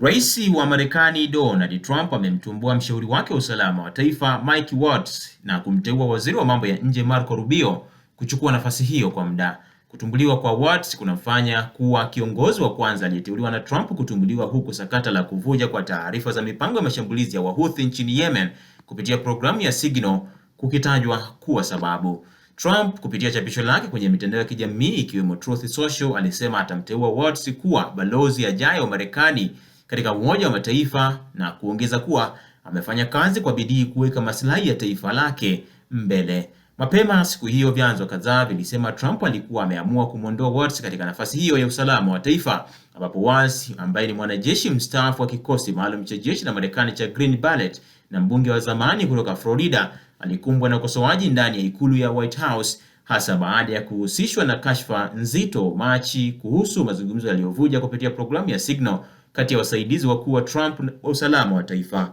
Rais wa Marekani Donald Trump amemtumbua mshauri wake wa usalama wa taifa Mike Waltz na kumteua waziri wa mambo ya nje Marco Rubio kuchukua nafasi hiyo kwa muda. Kutumbuliwa kwa Waltz kunamfanya kuwa kiongozi wa kwanza aliyeteuliwa na Trump kutumbuliwa huku sakata la kuvuja kwa taarifa za mipango ya mashambulizi ya Wahuthi nchini Yemen kupitia programu ya Signal kukitajwa kuwa sababu. Trump kupitia chapisho lake kwenye mitandao ya kijamii ikiwemo Truth Social alisema atamteua Waltz kuwa balozi ajaye wa Marekani katika Umoja wa Mataifa na kuongeza kuwa amefanya kazi kwa bidii kuweka maslahi ya taifa lake mbele. Mapema siku hiyo, vyanzo kadhaa vilisema Trump alikuwa ameamua kumwondoa Waltz katika nafasi hiyo ya usalama wa taifa, ambapo Waltz ambaye ni mwanajeshi mstaafu wa kikosi maalum cha jeshi la Marekani cha Green Beret na mbunge wa zamani kutoka Florida alikumbwa na ukosoaji ndani ya ikulu ya White House, hasa baada ya kuhusishwa na kashfa nzito Machi kuhusu mazungumzo yaliyovuja kupitia programu ya Signal kati ya wasaidizi wakuu wa Trump wa usalama wa taifa.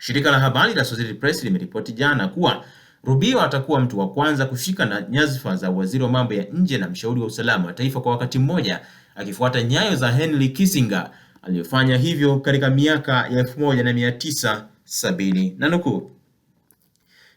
Shirika la habari la Associated Press limeripoti jana kuwa Rubio atakuwa mtu wa kwanza kushika na nyadhifa za waziri wa mambo ya nje na mshauri wa usalama wa taifa kwa wakati mmoja, akifuata nyayo za Henry Kissinger aliyofanya hivyo katika miaka ya 1970. Na nukuu,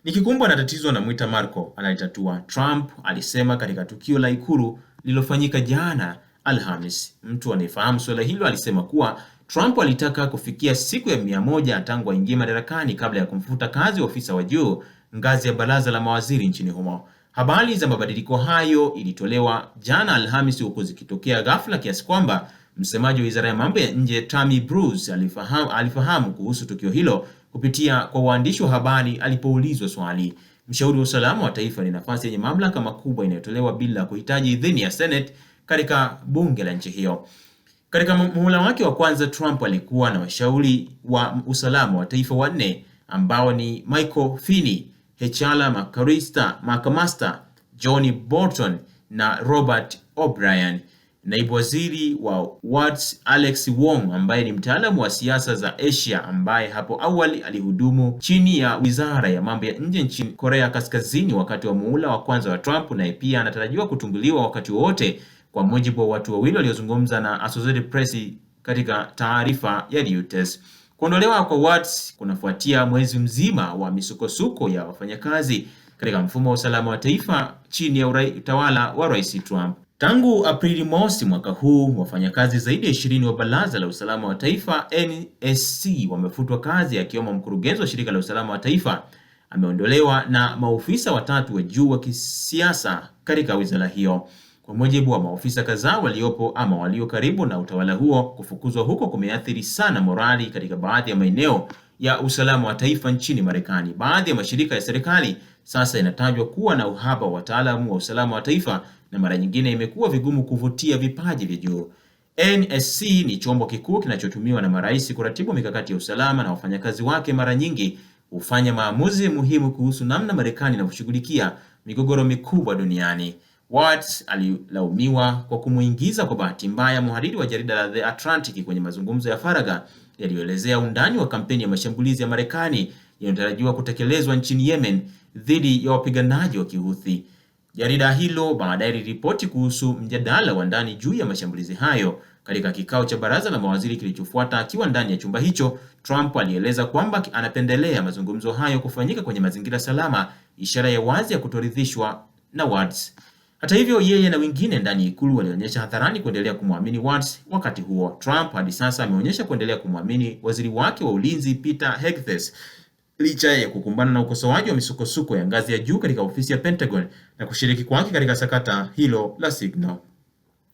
nikikumbwa na tatizo na mwita Marco, analitatua, Trump alisema katika tukio la Ikulu lililofanyika jana Alhamis. Mtu anayefahamu suala hilo alisema kuwa Trump alitaka kufikia siku ya mia moja tangu aingie madarakani kabla ya kumfuta kazi ofisa wa juu ngazi ya baraza la mawaziri nchini humo. Habari za mabadiliko hayo ilitolewa jana Alhamis, huku zikitokea ghafla kiasi kwamba msemaji wa wizara ya mambo ya nje Tammy Bruce alifahamu, alifahamu kuhusu tukio hilo kupitia kwa waandishi wa habari alipoulizwa swali. Mshauri wa usalama wa taifa ni nafasi yenye mamlaka makubwa inayotolewa bila kuhitaji idhini ya Senate katika bunge la nchi hiyo. Katika muhula wake wa kwanza, Trump alikuwa na washauri wa usalama wa taifa wanne ambao ni Michael Finney, Hechala Makarista, Makamaster, Johnny Bolton na Robert O'Brien. Naibu waziri wa Watts Alex Wong ambaye ni mtaalamu wa siasa za Asia ambaye hapo awali alihudumu chini ya wizara ya mambo ya nje nchini Korea Kaskazini wakati wa muhula wa kwanza wa Trump, naye pia anatarajiwa kutunguliwa wakati wowote kwa mujibu wa watu wawili waliozungumza na Associated Press katika taarifa ya Reuters. Kuondolewa kwa Watts kunafuatia mwezi mzima wa misukosuko ya wafanyakazi katika mfumo wa usalama wa taifa chini ya utawala wa Rais Trump. Tangu Aprili mosi mwaka huu, wafanyakazi zaidi ya ishirini wa Baraza la Usalama wa Taifa NSC wamefutwa kazi, akiwemo mkurugenzi wa Shirika la Usalama wa Taifa ameondolewa na maofisa watatu wa juu wa kisiasa katika wizara hiyo. Kwa mujibu wa maofisa kadhaa waliopo ama walio karibu na utawala huo, kufukuzwa huko kumeathiri sana morali katika baadhi ya maeneo ya usalama wa taifa nchini Marekani. Baadhi ya mashirika ya serikali sasa inatajwa kuwa na uhaba wa wataalamu wa usalama wa taifa na mara nyingine imekuwa vigumu kuvutia vipaji vya juu. NSC ni chombo kikuu kinachotumiwa na marais kuratibu mikakati ya usalama, na wafanyakazi wake mara nyingi hufanya maamuzi muhimu kuhusu namna Marekani inavyoshughulikia migogoro mikubwa duniani. Watts alilaumiwa kwa kumuingiza kwa bahati mbaya mhariri wa jarida la The Atlantic kwenye mazungumzo ya faragha yaliyoelezea undani wa kampeni ya mashambulizi ya Marekani yanayotarajiwa kutekelezwa nchini Yemen dhidi ya wapiganaji wa Kihuthi. Jarida hilo baadaye liliripoti kuhusu mjadala wa ndani juu ya mashambulizi hayo. Katika kikao cha baraza la mawaziri kilichofuata akiwa ndani ya chumba hicho, Trump alieleza kwamba anapendelea mazungumzo hayo kufanyika kwenye mazingira salama, ishara ya wazi ya kutoridhishwa na Watts. Hata hivyo, yeye na wengine ndani ya ikulu walionyesha hadharani kuendelea kumwamini Watts. Wakati huo, Trump hadi sasa ameonyesha kuendelea kumwamini waziri wake wa ulinzi Peter Hegseth licha ya kukumbana na ukosoaji wa misukosuko ya ngazi ya juu katika ofisi ya Pentagon na kushiriki kwake katika sakata hilo la Signal.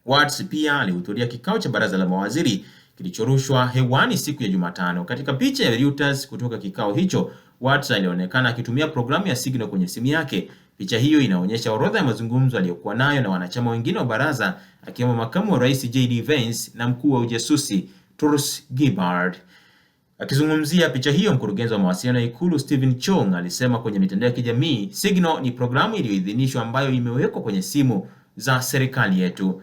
Watts pia alihudhuria kikao cha baraza la mawaziri kilichorushwa hewani siku ya Jumatano. Katika picha ya Reuters kutoka kikao hicho, Watts alionekana akitumia programu ya Signal kwenye simu yake Picha hiyo inaonyesha orodha ya mazungumzo aliyokuwa nayo na wanachama wengine wa baraza akiwemo makamu wa rais JD Vance na mkuu wa ujasusi Tulsi gibard Akizungumzia picha hiyo, mkurugenzi wa mawasiliano ya Ikulu Stephen Chung alisema kwenye mitandao ya kijamii, Signal ni programu iliyoidhinishwa ambayo imewekwa kwenye simu za serikali yetu.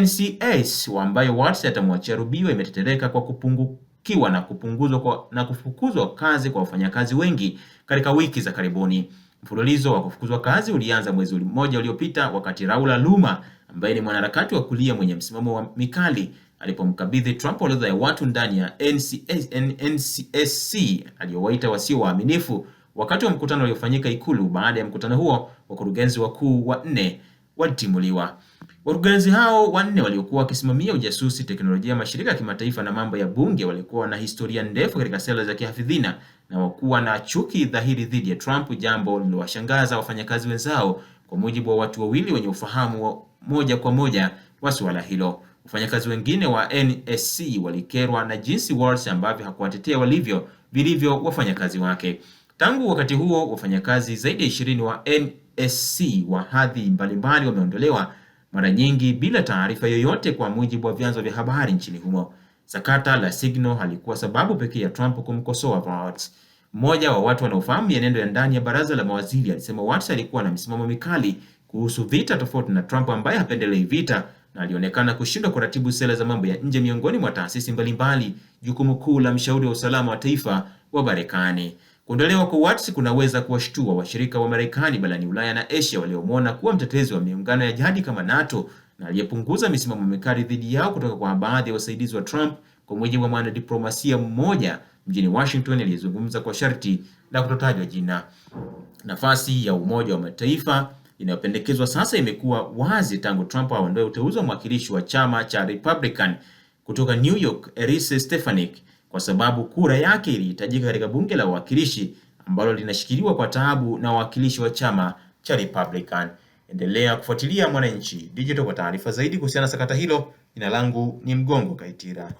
NCS ambayo WhatsApp atamwachia Rubio imetetereka kwa kupungukiwa na kupunguzwa na kufukuzwa kazi kwa wafanyakazi wengi katika wiki za karibuni. Mfululizo wa kufukuzwa kazi ulianza mwezi mmoja uliopita wakati raula Luma ambaye ni mwanaharakati wa kulia mwenye msimamo wa mikali alipomkabidhi Trump orodha ya watu ndani ya NCSC aliyowaita wasio waaminifu wakati wa mkutano uliofanyika Ikulu. Baada ya mkutano huo, wakurugenzi wakuu wanne walitimuliwa. Wakurugenzi hao wanne waliokuwa wakisimamia ujasusi, teknolojia, mashirika ya kimataifa na mambo ya bunge walikuwa na historia ndefu katika sera za kihafidhina na wakuwa na chuki dhahiri dhidi ya Trump, jambo lililowashangaza wafanyakazi wenzao, kwa mujibu wa watu wawili wenye ufahamu wa moja kwa moja wa suala hilo. Wafanyakazi wengine wa NSC walikerwa na jinsi Waltz ambavyo hakuwatetea walivyo vilivyo wafanyakazi wake. Tangu wakati huo, wafanyakazi zaidi ya 20 wa NSC wa hadhi mbalimbali wameondolewa mara nyingi bila taarifa yoyote kwa mujibu wa vyanzo vya habari nchini humo. Sakata la Signal halikuwa sababu pekee ya Trump kumkosoa Watts. Mmoja wa watu wanaofahamu mienendo ya ndani ya baraza la mawaziri alisema Watts alikuwa na misimamo mikali kuhusu vita, tofauti na Trump ambaye hapendelei vita na alionekana kushindwa kuratibu sera za mambo ya nje miongoni mwa taasisi mbalimbali, jukumu kuu la mshauri wa usalama wa taifa wa Marekani. Kuondolewa kwa Watts kunaweza kuwashtua washirika wa Marekani barani Ulaya na Asia waliomwona kuwa mtetezi wa miungano ya jadi kama NATO na aliyepunguza misimamo mikali dhidi yao kutoka kwa baadhi ya wasaidizi wa Trump, kwa mujibu wa mwanadiplomasia mmoja mjini Washington aliyezungumza kwa sharti la kutotajwa jina. Nafasi ya Umoja wa Mataifa inayopendekezwa sasa imekuwa wazi tangu Trump aondoe uteuzi wa mwakilishi wa chama cha Republican kutoka New York, Elise Stefanik kwa sababu kura yake ilihitajika katika bunge la wawakilishi ambalo linashikiliwa kwa taabu na wawakilishi wa chama cha Republican. Endelea kufuatilia Mwananchi Digital kwa taarifa zaidi kuhusiana na sakata hilo. Jina langu ni Mgongo Kaitira.